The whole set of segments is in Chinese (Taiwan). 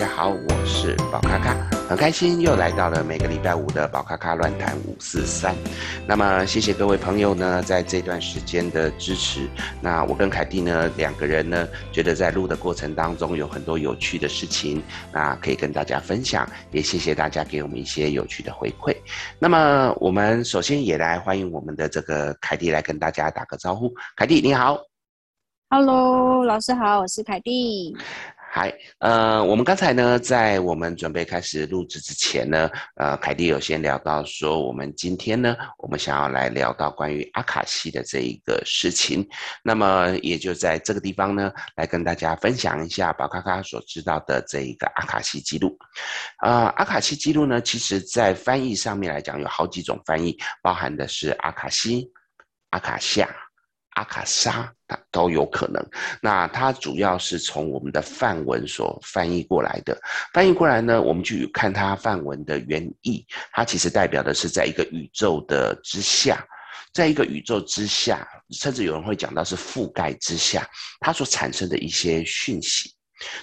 大家好，我是寶卡卡，很開心又來到了每個禮拜五的寶卡卡亂談五四三。那麼謝謝各位朋友呢，在這段時間的支持。那我跟凱蒂呢兩個人呢，覺得在錄的過程當中有很多有趣的事情，那可以跟大家分享。也謝謝大家給我們一些有趣的回饋。那麼我們首先也來歡迎我們的這個凱蒂來跟大家打個招呼。凱蒂你好，Hello，老師好，我是凱蒂。嗨，呃，我們剛才呢，在我們準備開始錄制之前呢，呃，凱蒂有先聊到說，我們今天呢，我們想要來聊到關於阿卡西的這一個事情，那麼也就在這個地方呢，來跟大家分享一下寶咖咖所知道的這一個阿卡西記錄。啊、呃，阿卡西記錄呢，其實在翻譯上面來講，有好幾種翻譯，包含的是阿卡西、阿卡夏、阿卡莎。都有可能。那它主要是從我們的梵文所翻譯過來的。翻譯過來呢，我們去看它梵文的原意。它其實代表的是，在一個宇宙的之下，在一個宇宙之下，甚至有人會講到是覆蓋之下，它所產生的一些訊息。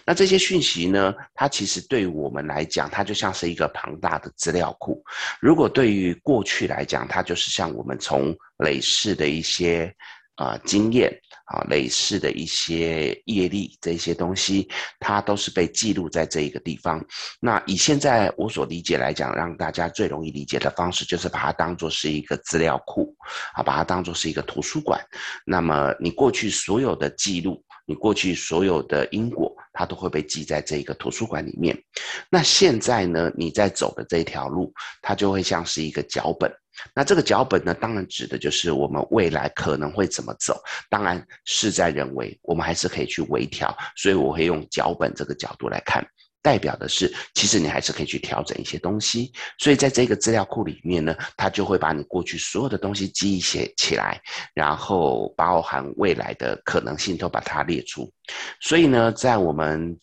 那這些訊息呢，它其實對於我們來講，它就像是一個龐大的資料庫。如果對於過去來講，它就是像我們從累世的一些啊、呃、經驗。好，累世的一些業力，這些東西，它都是被記錄在這一個地方。那以現在我所理解來講，讓大家最容易理解的方式，就是把它當做是一個資料庫，啊，把它當做是一個圖書館。那麼你過去所有的記錄，你過去所有的因果，它都會被記在這個圖書館裡面。那現在呢，你在走的這條路，它就會像是一個腳本。那這個腳本呢，當然指的就是我們未來可能會怎麼走。當然事在人為，我們還是可以去微調。所以我會用腳本這個角度來看，代表的是其實你還是可以去調整一些東西。所以在這個資料庫裡面呢，它就會把你過去所有的東西記憶寫起來，然後包含未來的可能性都把它列出。所以呢，在我們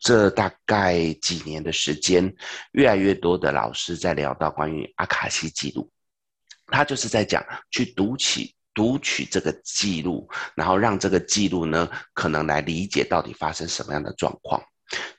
這大概幾年的時間，越來越多的老師在聊到關於阿卡西記錄。他就是在講，去讀取讀取這個記錄，然後讓這個記錄呢，可能來理解到底發生什麼樣的狀況。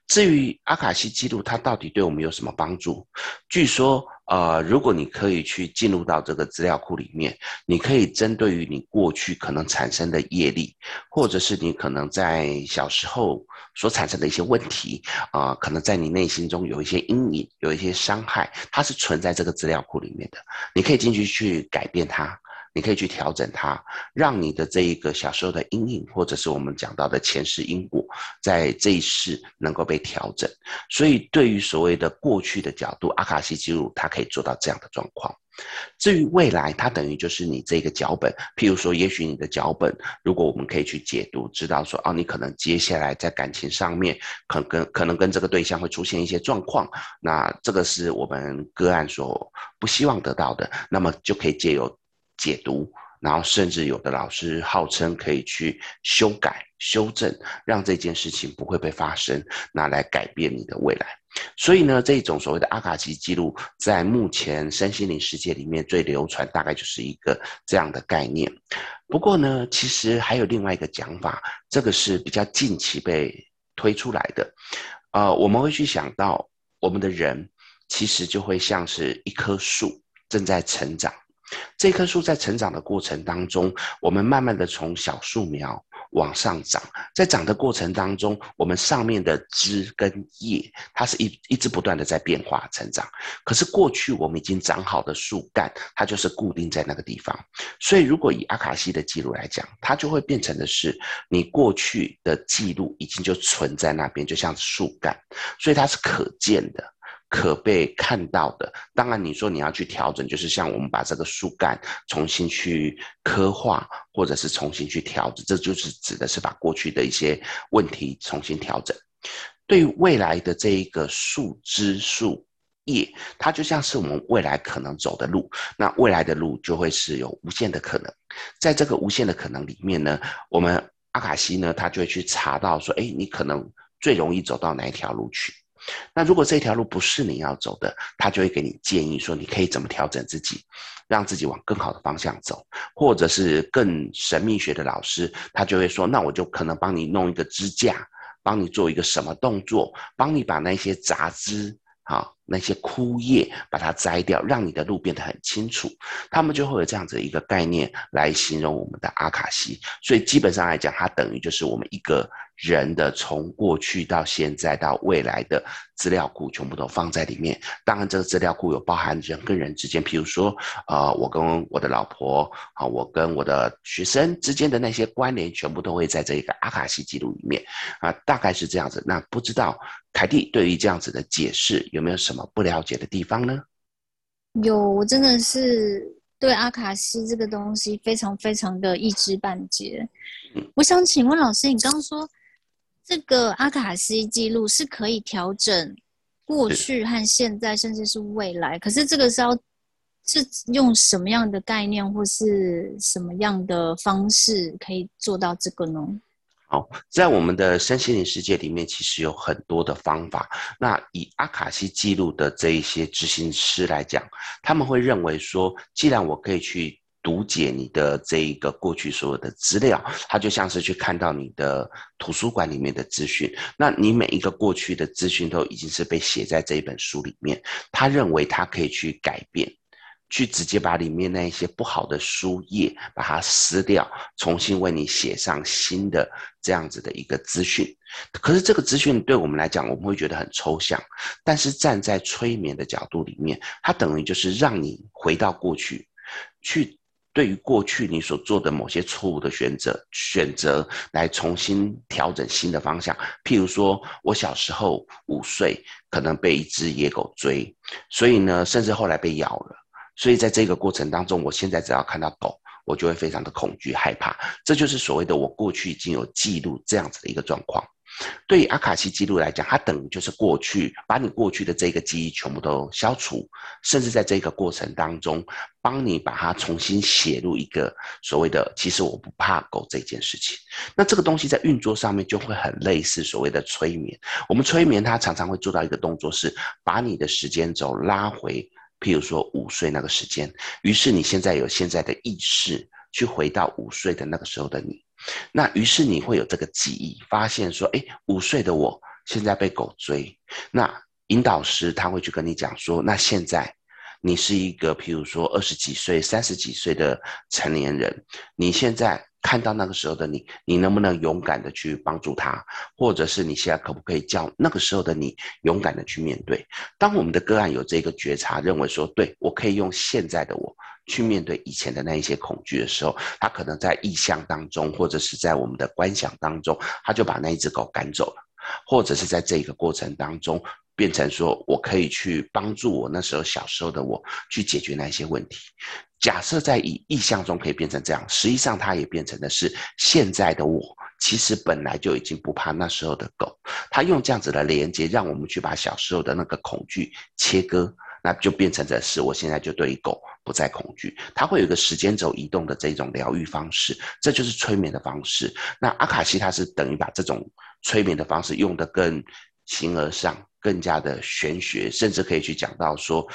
至於阿卡西記錄，它到底對我們有什麼幫助？據說。啊、呃，如果你可以去進入到這個資料庫裡面，你可以針對於你過去可能產生的業力，或者是你可能在小時候所產生的一些問題，啊、呃，可能在你內心中有一些陰影，有一些傷害，它是存在這個資料庫裡面的，你可以進去去改變它。你可以去調整它，讓你的這一個小時候的陰影，或者是我們講到的前世因果，在這一世能夠被調整。所以，對於所謂的過去的角度，阿卡西記錄它可以做到這樣的狀況。至於未來，它等於就是你這個腳本。譬如說，也許你的腳本，如果我們可以去解讀，知道說，啊，你可能接下來在感情上面，可跟可能跟這個對象會出現一些狀況。那這個是我們個案所不希望得到的。那麼就可以借由。解讀，然後甚至有的老師號稱可以去修改、修正，讓這件事情不會被發生，拿來改變你的未來。所以呢，這種所謂的阿卡西紀錄，在目前身心靈世界裡面最流傳，大概就是一個這樣的概念。不過呢，其實還有另外一個講法，這個是比較近期被推出來的。呃，我們會去想到，我們的人其實就會像是一棵樹正在成長。這棵樹在成長的過程當中，我們慢慢的從小樹苗往上長。在長的過程當中，我們上面的枝跟葉，它是一一直不斷的在變化成長。可是過去我們已經長好的樹幹，它就是固定在那個地方。所以如果以阿卡西的記錄來講，它就會變成的是，你過去的記錄已經就存在那邊，就像樹幹，所以它是可見的。可被看到的，當然你說你要去調整，就是像我們把這個樹幹重新去刻畫，或者是重新去調整，這就是指的是把過去的一些問題重新調整。對於未來的這一個樹枝、樹葉，它就像是我們未來可能走的路。那未來的路就會是有無限的可能，在這個無限的可能裡面呢，我們阿卡西呢，他就會去查到說，誒，你可能最容易走到哪一條路去。那如果這條路不是你要走的，他就會給你建議說你可以怎麼調整自己，讓自己往更好的方向走，或者是更神秘學的老師，他就會說，那我就可能幫你弄一個支架，幫你做一個什麼動作，幫你把那些雜枝……」好。那些枯葉，把它摘掉，讓你的路變得很清楚。他們就會有這樣子一個概念來形容我們的阿卡西，所以基本上來講，它等於就是我們一個人的從過去到現在到未來的資料庫，全部都放在裡面。當然，這個資料庫有包含人跟人之間，譬如說啊、呃，我跟我的老婆啊，我跟我的學生之間的那些關聯，全部都會在這一個阿卡西記錄裡面啊，大概是這樣子。那不知道凱蒂對於這樣子的解釋有沒有什麼？不了解的地方呢？有，我真的是對阿卡西這個東西非常非常的一知半解。我想請問老師，你剛剛說這個阿卡西記錄是可以調整過去和現在，甚至是未來，可是這個是要是用什麼樣的概念，或是什麼樣的方式可以做到這個呢？好、哦，在我們的身心靈世界裡面，其實有很多的方法。那以阿卡西記錄的這一些執行師來講，他們會認為說，既然我可以去讀解你的這一個過去所有的資料，他就像是去看到你的圖書館裡面的資訊。那你每一個過去的資訊都已經是被寫在這一本書裡面，他認為他可以去改變。去直接把裡面那一些不好的書頁把它撕掉，重新為你寫上新的這樣子的一個資訊。可是這個資訊對我們來講，我們會覺得很抽象。但是站在催眠的角度裡面，它等於就是讓你回到過去，去對於過去你所做的某些錯誤的選擇，選擇來重新調整新的方向。譬如說，我小時候五歲，可能被一隻野狗追，所以呢，甚至後來被咬了。所以在這個過程當中，我現在只要看到狗，我就會非常的恐懼害怕。這就是所謂的我過去已經有記錄這樣子的一個狀況。對於阿卡西記錄來講，它等於就是過去把你過去的這個記憶全部都消除，甚至在這個過程當中，幫你把它重新寫入一個所謂的“其實我不怕狗”這件事情。那這個東西在運作上面就會很類似所謂的催眠。我們催眠它常常會做到一個動作是把你的時間軸拉回。譬如說五歲那個時間，於是你現在有現在的意識去回到五歲的那個時候的你，那於是你會有這個記憶，發現說，誒，五歲的我現在被狗追。那引導師他會去跟你講說，那現在，你是一個譬如說二十幾歲、三十幾歲的成年人，你現在。看到那個時候的你，你能不能勇敢的去幫助他，或者是你現在可不可以叫那個時候的你勇敢的去面對？當我們的個案有這個覺察，認為說，對，我可以用現在的我去面對以前的那一些恐懼的時候，他可能在意象當中，或者是在我們的觀想當中，他就把那一隻狗趕走了，或者是在這一個過程當中，變成說我可以去幫助我那時候小時候的我去解決那一些問題。假設在以意、意象中可以變成這樣，實際上它也變成的是現在的我。其實本來就已經不怕那時候的狗。它用這樣子的連接，讓我們去把小時候的那個恐懼切割，那就變成的是我現在就對於狗不再恐懼。它會有一個時間軸移動的這種療癒方式，這就是催眠的方式。那阿卡西他是等於把這種催眠的方式用得更形而上，更加的玄學，甚至可以去講到說，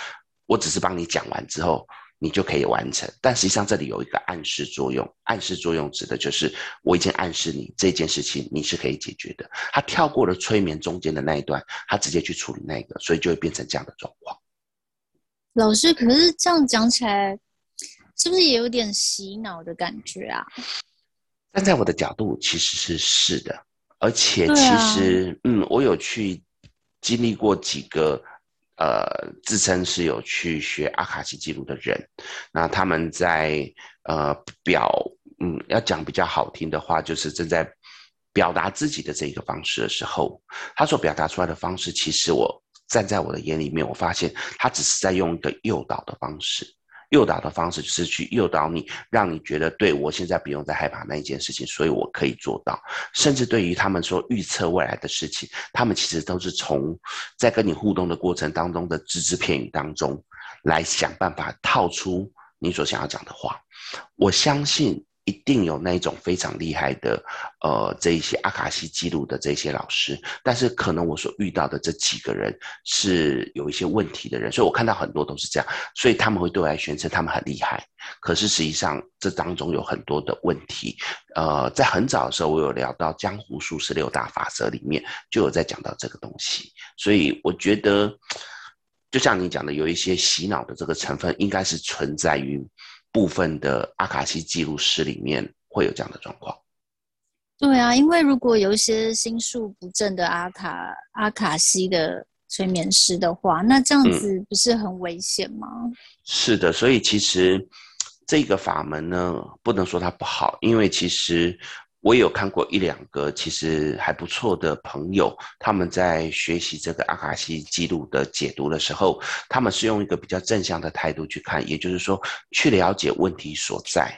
我只是幫你講完之後。你就可以完成，但實際上這裡有一個暗示作用，暗示作用指的就是我已經暗示你這件事情你是可以解決的。他跳過了催眠中間的那一段，他直接去處理那個，所以就會變成這樣的狀況。老師，可是這樣講起來，是不是也有點洗腦的感覺啊？站在我的角度，其實是是的，而且其實，啊、嗯，我有去經歷過幾個。呃，自稱是有去學阿卡西記錄的人，那他們在呃表，嗯，要講比較好聽的話，就是正在表達自己的這一個方式的時候，他所表達出來的方式，其實我站在我的眼裡面，我發現他只是在用一個誘導的方式。誘導的方式就是去誘導你，讓你覺得對我現在不用再害怕那一件事情，所以我可以做到。甚至對於他們說預測未來的事情，他們其實都是從在跟你互動的過程當中的只字片語當中，來想辦法套出你所想要講的話。我相信。一定有那種非常厲害的，呃，這一些阿卡西記錄的這些老師，但是可能我所遇到的這幾個人是有一些問題的人，所以我看到很多都是這樣，所以他們會對外宣稱他們很厲害，可是實際上這當中有很多的問題，呃，在很早的時候我有聊到江湖術士十六大法則裡面就有在講到這個東西，所以我覺得就像你講的，有一些洗腦的這個成分應該是存在於。部分的阿卡西記錄師裡面會有這樣的狀況，對啊，因為如果有一些心術不正的阿卡阿卡西的催眠師的話，那這樣子不是很危險嗎？嗯、是的，所以其實這個法門呢，不能說它不好，因為其實。我有看過一兩個其實還不錯的朋友，他們在學習這個阿卡西紀錄的解讀的時候，他們是用一個比較正向的態度去看，也就是說去了解問題所在，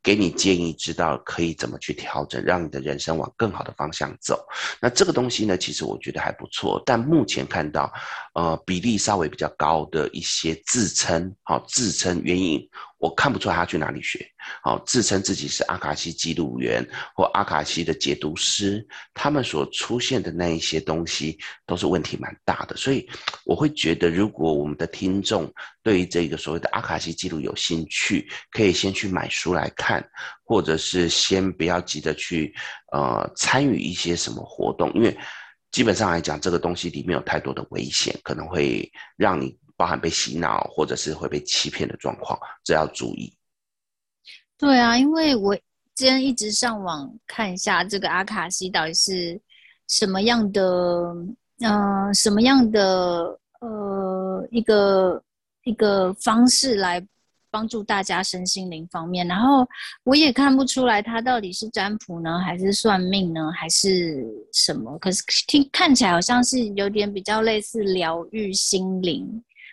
給你建議，知道可以怎麼去調整，讓你的人生往更好的方向走。那這個東西呢，其實我覺得還不錯，但目前看到，呃，比例稍微比較高的一些自稱，好、哦、自稱原因，我看不出他去哪裡學，好、哦、自稱自己是阿卡西記錄員或阿卡西的解讀師，他們所出現的那一些東西都是問題蠻大的，所以我會覺得，如果我們的聽眾對於這個所謂的阿卡西記錄有興趣，可以先去買書來看，或者是先不要急着去呃參與一些什麼活動，因為基本上來講，這個東西裡面有太多的危險，可能會讓你。包含被洗腦或者是會被欺騙的狀況，這要注意。對啊，因為我今天一直上網看一下這個阿卡西到底是什麼樣的，嗯、呃，什麼樣的呃一個一個方式來幫助大家身心靈方面。然後我也看不出來它到底是占卜呢，還是算命呢，還是什麼。可是聽看起來好像是有點比較類似療癒心靈。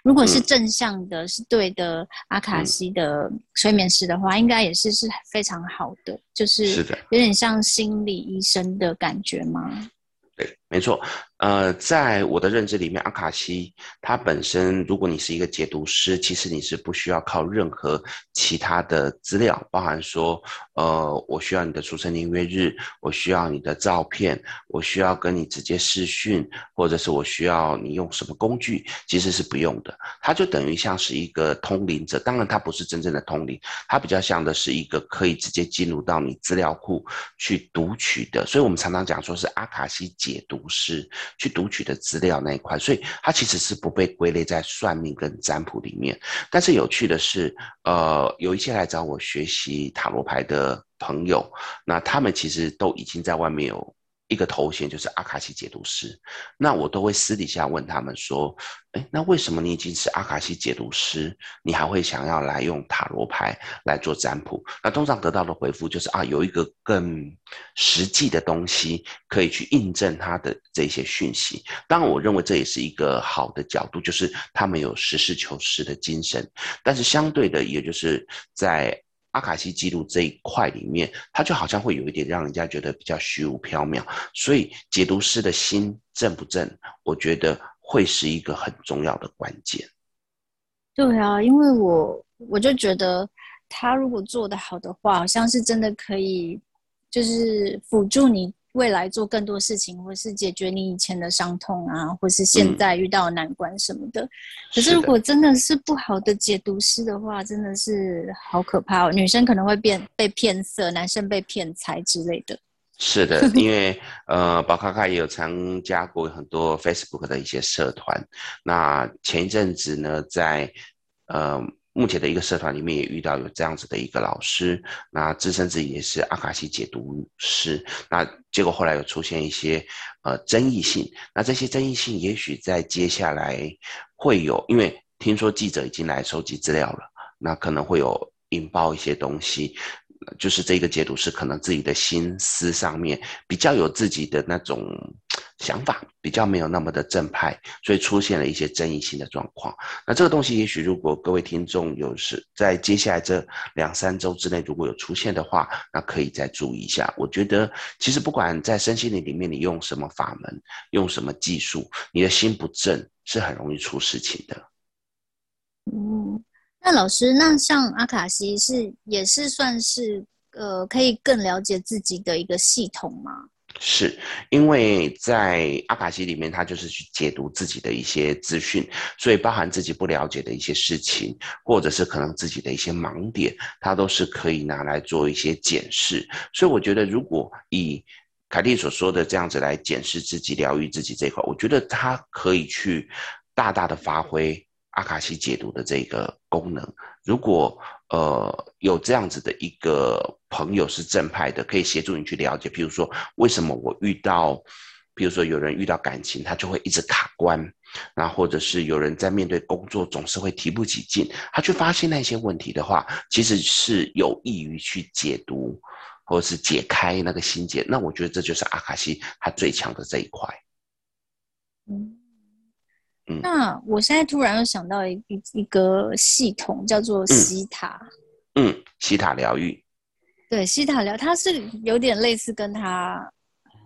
如果是正向的，嗯、是對的阿卡西的催眠師的話，嗯，應該也是是非常好的，就是有點像心理醫生的感覺嗎？對，沒錯。呃，在我的認知裡面，阿卡西它本身，如果你是一個解讀師，其實你是不需要靠任何其他的資料，包含說，呃，我需要你的出生年月日，我需要你的照片，我需要跟你直接視訊，或者是我需要你用什麼工具，其實是不用的。它就等於像是一個通靈者，當然它不是真正的通靈，它比較像的是一個可以直接進入到你資料庫去讀取的。所以我們常常講說是阿卡西解讀師。去讀取的資料那一塊，所以它其實是不被歸類在算命跟占卜裡面。但是有趣的是，呃，有一些來找我學習塔羅牌的朋友，那他們其實都已經在外面有。一個頭銜就是阿卡西解讀師，那我都會私底下問他們說，哎，那為什麼你已經是阿卡西解讀師，你還會想要來用塔羅牌來做占卜？那通常得到的回復就是啊，有一個更實際的東西可以去印證他的這些訊息。當然，我認為這也是一個好的角度，就是他們有實事求是的精神。但是相對的，也就是在。阿卡西記錄這一塊裡面，它就好像會有一點讓人家覺得比較虛無縹緲，所以解讀師的心正不正，我覺得會是一個很重要的關鍵。對啊，因為我我就覺得，他如果做得好的話，好像是真的可以，就是輔助你。未來做更多事情，或是解決你以前的傷痛啊，或是現在遇到的難關什麼的，嗯、的。可是如果真的是不好的解讀師的話，真的是好可怕哦。女生可能會變被騙色，男生被騙財之類的。是的， 因為呃，寶咖咖也有參加過很多 Facebook 的一些社團。那前一陣子呢，在嗯，呃目前的一個社團裡面也遇到有這樣子的一個老師，那自稱自己也是阿卡西解讀師，那結果後來有出現一些，呃，爭議性。那這些爭議性，也許在接下來會有，因為聽說記者已經來收集資料了，那可能會有引爆一些東西，就是這個解讀師可能自己的心思上面比較有自己的那種。想法比較沒有那麼的正派，所以出現了一些爭議性的狀況。那這個東西，也許如果各位聽眾有是在接下來這兩三週之內如果有出現的話，那可以再注意一下。我覺得，其實不管在身心靈裡面，你用什麼法門，用什麼技術，你的心不正，是很容易出事情的。嗯，那老師，那像阿卡西是也是算是呃，可以更了解自己的一個系統嗎？是，因為在阿卡西裡面，他就是去解讀自己的一些資訊，所以包含自己不了解的一些事情，或者是可能自己的一些盲點，他都是可以拿來做一些解釋。所以我覺得，如果以凱蒂所說的這樣子來檢視自己、療癒自己這一塊，我覺得他可以去大大的發揮阿卡西解讀的這個功能。如果呃，有這樣子的一個朋友是正派的，可以協助你去了解。比如說，為什麼我遇到，比如說有人遇到感情，他就會一直卡關，然後或者是有人在面對工作總是會提不起勁，他去發現那些問題的話，其實是有益於去解讀，或者是解開那個心結。那我覺得這就是阿卡西他最強的這一塊。嗯。嗯、那我現在突然又想到一一個系統，叫做西塔嗯。嗯，西塔療癒。對，西塔療，它是有點類似跟它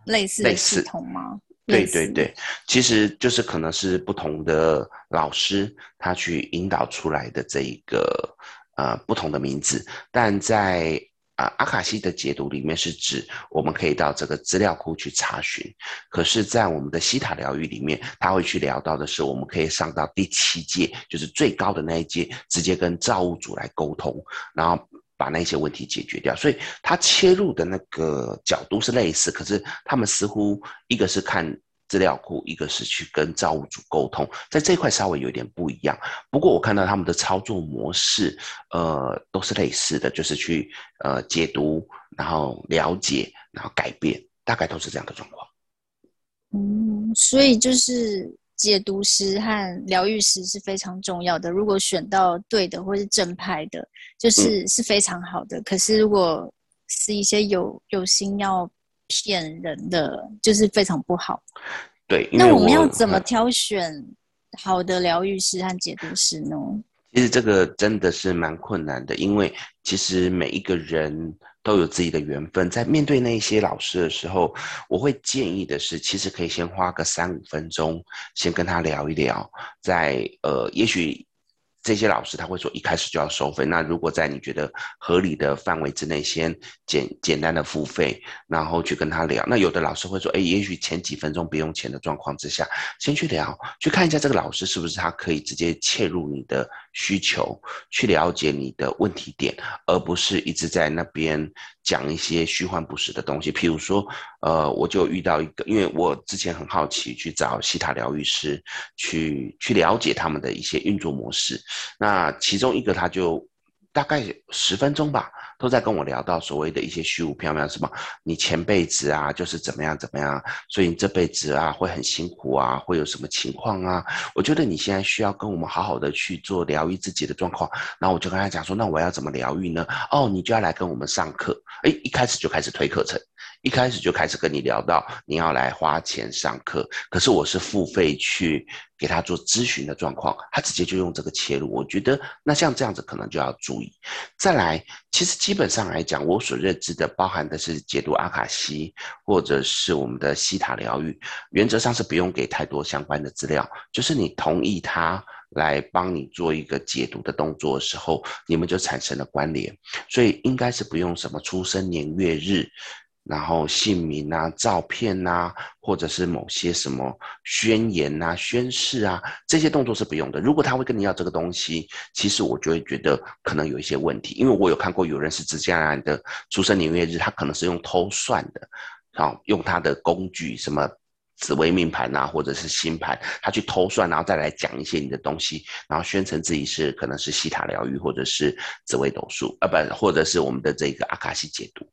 類似類似的系統嗎？對對對，其實就是可能是不同的老師他去引導出來的這一個呃不同的名字，但在。啊、呃，阿卡西的解讀裡面是指我們可以到這個資料庫去查詢，可是，在我們的西塔療癒裡面，他會去聊到的是，我們可以上到第七界，就是最高的那一界，直接跟造物主來溝通，然後把那些問題解決掉。所以，他切入的那個角度是類似，可是他們似乎一個是看。資料庫，一個是去跟造物主溝通，在這一塊稍微有點不一樣。不過我看到他們的操作模式，呃，都是類似的，就是去呃解讀，然後了解，然後改變，大概都是這樣的狀況。嗯，所以就是解讀師和療癒師是非常重要的。如果選到對的或是正派的，就是是非常好的。嗯。可是如果是一些有有心要。騙人的，就是非常不好。對，那我們要怎麼挑選好的療癒師和解讀師呢？嗯，其實這個真的是蠻困難的，因為其實每一個人都有自己的緣分。在面對那些老師的時候，我會建議的是，其實可以先花個三五分鐘，先跟他聊一聊，再呃，也許。這些老師他會說一開始就要收費，那如果在你覺得合理的範圍之內先，先簡簡單的付費，然後去跟他聊。那有的老師會說，哎，也許前幾分鐘不用錢的狀況之下，先去聊，去看一下這個老師是不是他可以直接切入你的。需求，去了解你的問題點，而不是一直在那邊講一些虛幻不實的東西。譬如說，呃，我就遇到一個，因為我之前很好奇去找西塔療癒師去去了解他們的一些運作模式。那其中一個他就大概十分鐘吧。都在跟我聊到所謂的一些虛無縹緲，什麼你前輩子啊，就是怎麼樣怎麼樣，所以你這輩子啊會很辛苦啊，會有什麼情況啊？我覺得你現在需要跟我們好好的去做療癒自己的狀況，然後我就跟他講說，那我要怎麼療癒呢？哦，你就要來跟我們上課，誒，一開始就開始推課程。一開始就開始跟你聊到你要來花錢上課，可是我是付費去給他做諮詢的狀況，他直接就用這個切入，我覺得那像這樣子可能就要注意。再來，其實基本上來講，我所認知的包含的是解讀阿卡西或者是我們的西塔療癒，原則上是不用給太多相關的資料，就是你同意他來幫你做一個解讀的動作的時候，你們就產生了關聯，所以應該是不用什麼出生年月日。然後姓名啊、照片啊，或者是某些什麼宣言啊、宣誓啊，這些動作是不用的。如果他會跟你要這個東西，其實我就會覺得可能有一些問題，因為我有看過有人是直接來的出生年月日，他可能是用偷算的，好，用他的工具什麼，紫微命盤吶、啊，或者是星盤，他去偷算，然後再來講一些你的東西，然後宣稱自己是可能是西塔療癒，或者是紫微斗數，呃、啊、不，或者是我們的這個阿卡西解讀。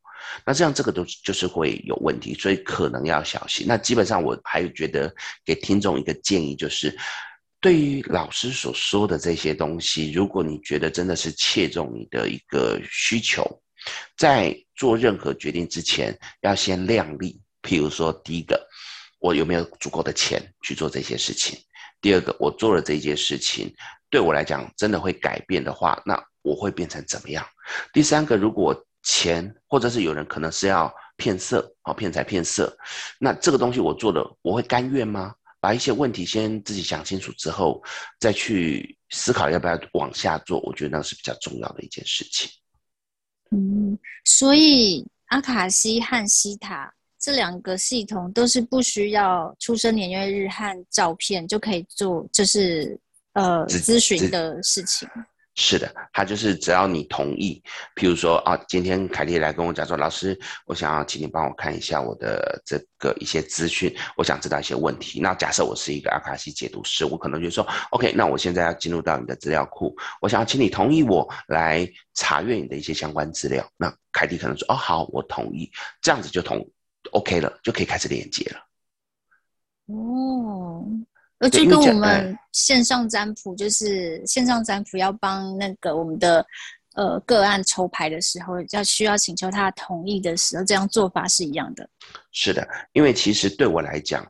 那這樣這個都就是會有問題，所以可能要小心。那基本上，我還有覺得給聽眾一個建議就是，對於老師所說的這些東西，如果你覺得真的是切中你的一個需求，在做任何決定之前要先量力。譬如說，第一個。我有沒有足夠的錢去做這些事情？第二個，我做了這些事情，對我來講真的會改變的話，那我會變成怎麼樣？第三個，如果錢或者是有人可能是要騙色啊，騙財騙色，那這個東西我做了，我會甘願嗎？把一些問題先自己想清楚之後，再去思考要不要往下做，我覺得那是比較重要的一件事情。嗯，所以阿卡西和西塔。這兩個系統都是不需要出生年月日和照片就可以做，就是呃諮詢的事情。是的，他就是只要你同意，譬如說啊，今天凱蒂來跟我講說，老師，我想要請你幫我看一下我的這個一些資訊，我想知道一些問題。那假設我是一個阿卡西解讀師，我可能就說，OK，那我現在要進入到你的資料庫，我想要請你同意我來查閱你的一些相關資料。那凱蒂可能說，哦，好，我同意，這樣子就同意。OK 了，就可以開始連接了。哦，那就跟我們線上占卜，就是線上占卜要幫那個我們的呃個案抽牌的時候，要需要請求他同意的時候，這樣做法是一樣的。是的，因為其實對我來講，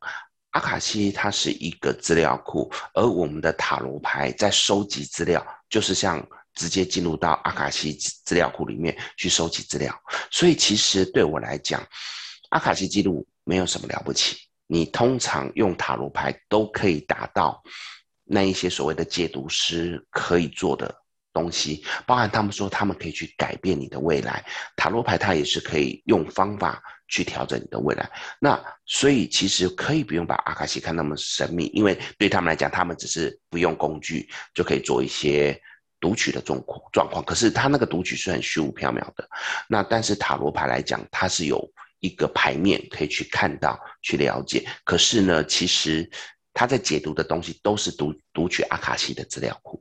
阿卡西它是一個資料庫，而我們的塔羅牌在收集資料，就是像直接進入到阿卡西資料庫裡面去收集資料，所以其實對我來講。阿卡西記錄沒有什麼了不起，你通常用塔羅牌都可以達到那一些所謂的解讀師可以做的東西，包含他們說他們可以去改變你的未來，塔羅牌它也是可以用方法去調整你的未來。那所以其實可以不用把阿卡西看那麼神秘，因為對他們來講，他們只是不用工具就可以做一些讀取的這種狀況，可是他那個讀取是很虛無縹緲的。那但是塔羅牌來講，它是有。一個牌面可以去看到、去了解，可是呢，其實他在解讀的東西都是讀讀取阿卡西的資料庫。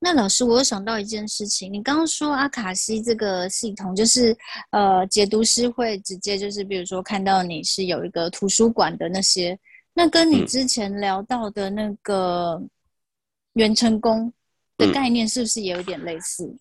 那老師，我又想到一件事情，你剛剛說阿卡西這個系統，就是呃，解讀師會直接就是，比如說看到你是有一個圖書館的那些，那跟你之前聊到的那個元辰宮的概念，是不是也有點類似？嗯嗯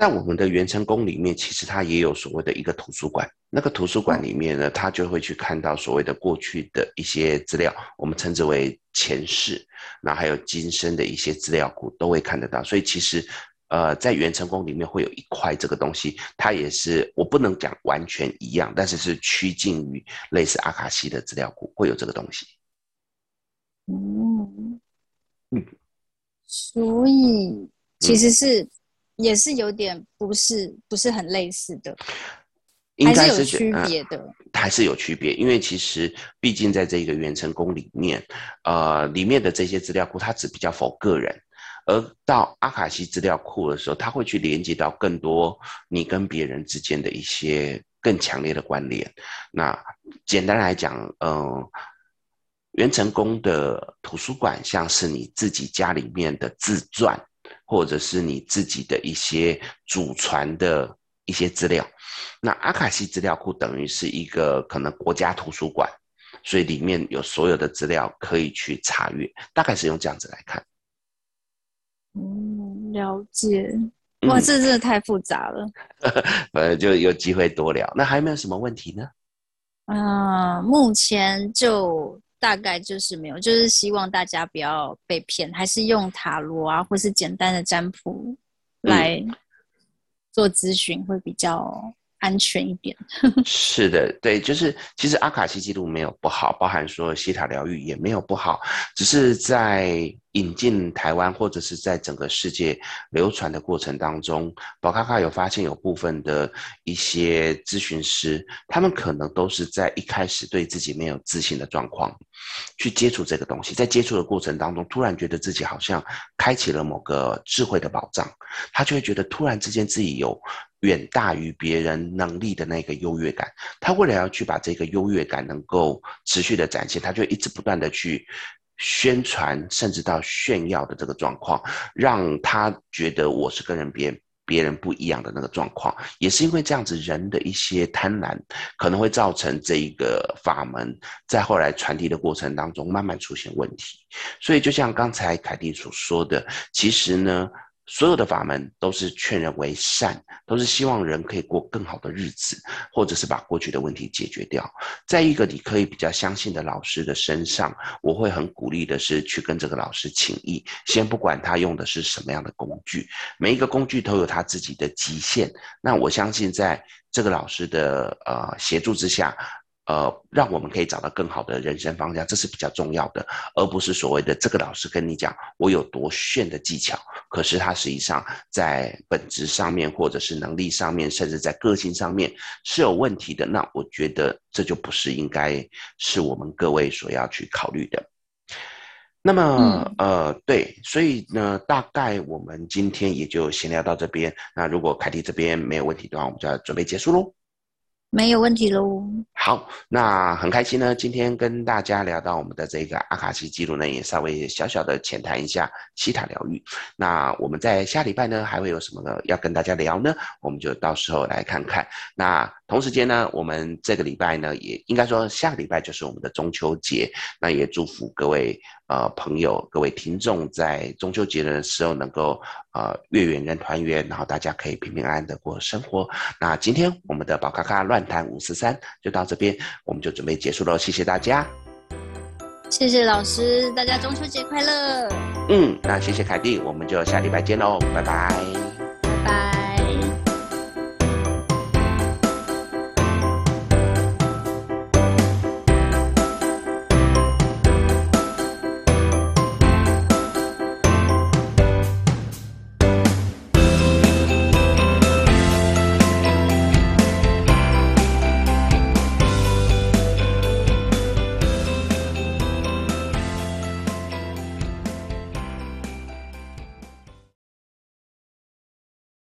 在我們的元辰宮裡面，其實它也有所謂的一個圖書館。那個圖書館裡面呢，他就會去看到所謂的過去的一些資料，我們稱之為前世，然後還有今生的一些資料庫都會看得到。所以其實，呃，在元辰宮裡面會有一塊這個東西，它也是我不能講完全一樣，但是是趨近於類似阿卡西的資料庫，會有這個東西。嗯嗯，所以、嗯、其實是。也是有點不是不是很類似的，應該是有區別的，還是有區別、嗯。因為其實畢竟在這個元辰宮裡面，呃，裡面的這些資料庫，它只比較否個人，而到阿卡西資料庫的時候，它會去連接到更多你跟別人之間的一些更強烈的關聯。那簡單來講，嗯、呃，元辰宮的圖書館像是你自己家裡面的自傳。或者是你自己的一些祖傳的一些資料，那阿卡西資料庫等於是一個可能國家圖書館，所以裡面有所有的資料可以去查閱，大概是用這樣子來看。嗯，了解。哇，嗯、這真的太複雜了。反正 就有機會多聊。那還有沒有什麼問題呢？啊、嗯，目前就。大概就是沒有，就是希望大家不要被騙，還是用塔羅啊，或是簡單的占卜來做諮詢會比較安全一點。嗯，是的，對，就是其實阿卡西記錄沒有不好，包含說西塔療癒也沒有不好，只是在。引進台灣或者是在整個世界流傳的過程當中，寶咖咖有發現有部分的一些諮詢師，他們可能都是在一開始對自己沒有自信的狀況，去接觸這個東西，在接觸的過程當中，突然覺得自己好像開啟了某個智慧的寶藏，他就會覺得突然之間自己有遠大於別人能力的那個優越感，他為了要去把這個優越感能夠持續的展現，他就一直不斷的去。宣傳甚至到炫耀的這個狀況，讓他覺得我是跟人別人別人不一樣的那個狀況，也是因為這樣子人的一些貪婪，可能會造成這一個法門在後來傳遞的過程當中慢慢出現問題。所以就像剛才凱蒂所說的，其實呢，所有的法門都是勸人為善，都是希望人可以過更好的日子，或者是把過去的問題解決掉。在一個你可以比較相信的老師的身上，我會很鼓勵的是去跟這個老師請益，先不管他用的是什麼樣的工具，每一個工具都有他自己的極限。那我相信，在這個老師的呃協助之下，呃，讓我們可以找到更好的人生方向，這是比較重要的，而不是所謂的這個老師跟你講我有多炫的技巧。可是他實際上在本質上面，或者是能力上面，甚至在個性上面是有問題的。那我覺得這就不是應該是我們各位所要去考慮的。那麼，呃，對，所以呢，大概我們今天也就閒聊到這邊。那如果凱蒂這邊沒有問題的話，我們就要準備結束嘍。沒有問題嘍。好，那很開心呢，今天跟大家聊到我們的這個阿卡西記錄呢，也稍微小小的淺談一下西塔療癒。那我們在下禮拜呢還會有什麼呢要跟大家聊呢？我們就到時候來看看。那同時間呢，我們這個禮拜呢也應該說下個禮拜就是我們的中秋節，那也祝福各位。呃，朋友，各位聽眾，在中秋節的時候能夠呃，月圓人團圓，然後大家可以平平安安的過生活。那今天我們的寶咖咖亂談五四三就到這邊，我們就準備結束嘍。謝謝大家，謝謝老師，大家中秋節快樂。嗯，那謝謝凱蒂，我們就下禮拜見嘍，拜拜。